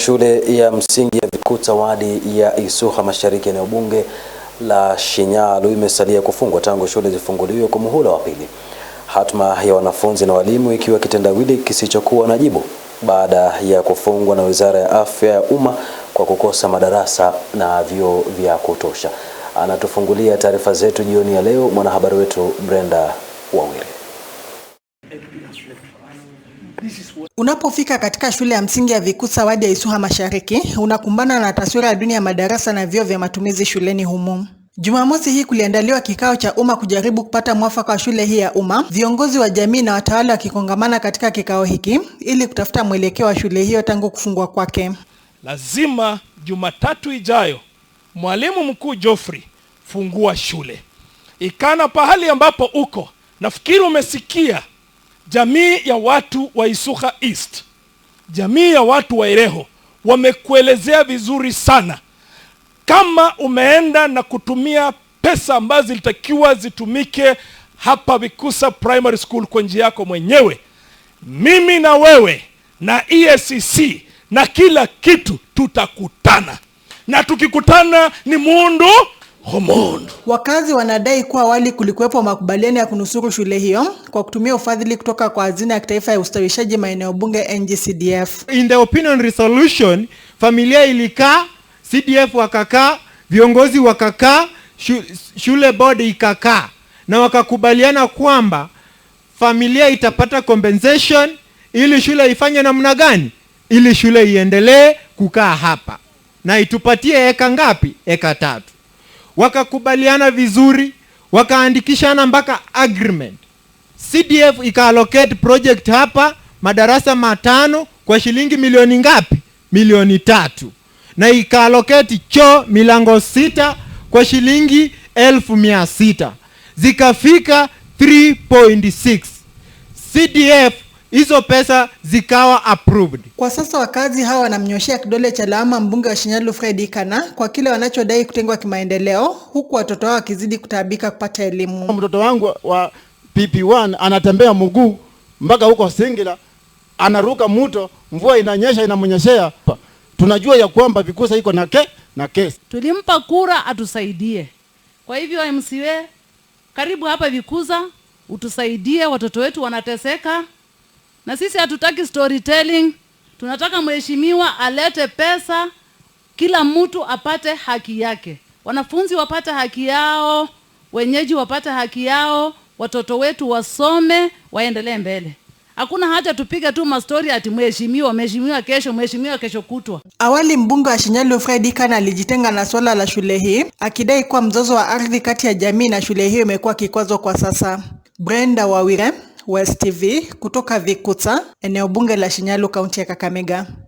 Shule ya msingi ya Vikuta wadi ya Isuha Mashariki, eneo bunge la Shinyalu imesalia kufungwa tangu shule zifunguliwe kwa muhula wa pili, hatma ya wanafunzi na walimu ikiwa kitendawili kisichokuwa na jibu baada ya kufungwa na Wizara ya Afya ya umma kwa kukosa madarasa na vyoo vya kutosha. Anatufungulia taarifa zetu jioni ya leo mwanahabari wetu Brenda Wawiri. Unapofika katika shule ya msingi ya Vikusa wadi ya Isuha Mashariki, unakumbana na taswira ya duni ya madarasa na vyoo vya matumizi shuleni humo. Jumamosi hii kuliandaliwa kikao cha umma kujaribu kupata mwafaka wa shule hii ya umma, viongozi wa jamii na watawala wakikongamana katika kikao hiki ili kutafuta mwelekeo wa shule hiyo tangu kufungwa kwake. Lazima Jumatatu ijayo, mwalimu mkuu Geoffrey, fungua shule Ikana, pahali ambapo uko nafikiri umesikia jamii ya watu wa Isuka East, jamii ya watu wa ireho wamekuelezea vizuri sana. Kama umeenda na kutumia pesa ambazo zilitakiwa zitumike hapa Vikusa Primary School kwa njia yako mwenyewe, mimi na wewe na EACC na kila kitu tutakutana, na tukikutana ni muundo Homondo. Wakazi wanadai kuwa awali kulikuwepo makubaliano ya kunusuru shule hiyo kwa kutumia ufadhili kutoka kwa hazina ya kitaifa ya ustawishaji maeneo bunge NGCDF. In the opinion resolution, familia ilikaa, CDF wakakaa, viongozi wakakaa, shule board ikakaa na wakakubaliana kwamba familia itapata compensation ili shule ifanye namna gani, ili shule iendelee kukaa hapa na itupatie eka ngapi? Eka tatu wakakubaliana vizuri, wakaandikishana mpaka agreement. CDF ikaallocate project hapa madarasa matano kwa shilingi milioni ngapi? Milioni tatu, na ikaallocate choo milango sita kwa shilingi elfu mia sita zikafika 3.6 CDF hizo pesa zikawa approved. Kwa sasa wakazi hawa wanamnyoshea kidole cha lawama mbunge wa Shinyalu Fred Ikana kwa kile wanachodai kutengwa kimaendeleo, huku watoto wao wakizidi kutaabika kupata elimu. Mtoto wangu wa PP1 anatembea mguu mpaka huko Singila, anaruka mto, mvua inanyesha inamnyeshea. Tunajua ya kwamba Vikusa iko na ke na kesi, tulimpa kura atusaidie. Kwa hivyo MCA, karibu hapa Vikusa utusaidie, watoto wetu wanateseka na sisi hatutaki storytelling, tunataka mheshimiwa alete pesa, kila mtu apate haki yake, wanafunzi wapate haki yao, wenyeji wapate haki yao, watoto wetu wasome, waendelee mbele. Hakuna haja tupige tu mastori ati mheshimiwa, mheshimiwa kesho, mheshimiwa kesho kutwa. Awali mbunge wa Shinyalu Fredi Kana alijitenga na swala la shule hii akidai kuwa mzozo wa ardhi kati ya jamii na shule hiyo imekuwa kikwazo kwa sasa. Brenda Wawire West TV kutoka Vikuta, eneo bunge la Shinyalu, kaunti ya Kakamega.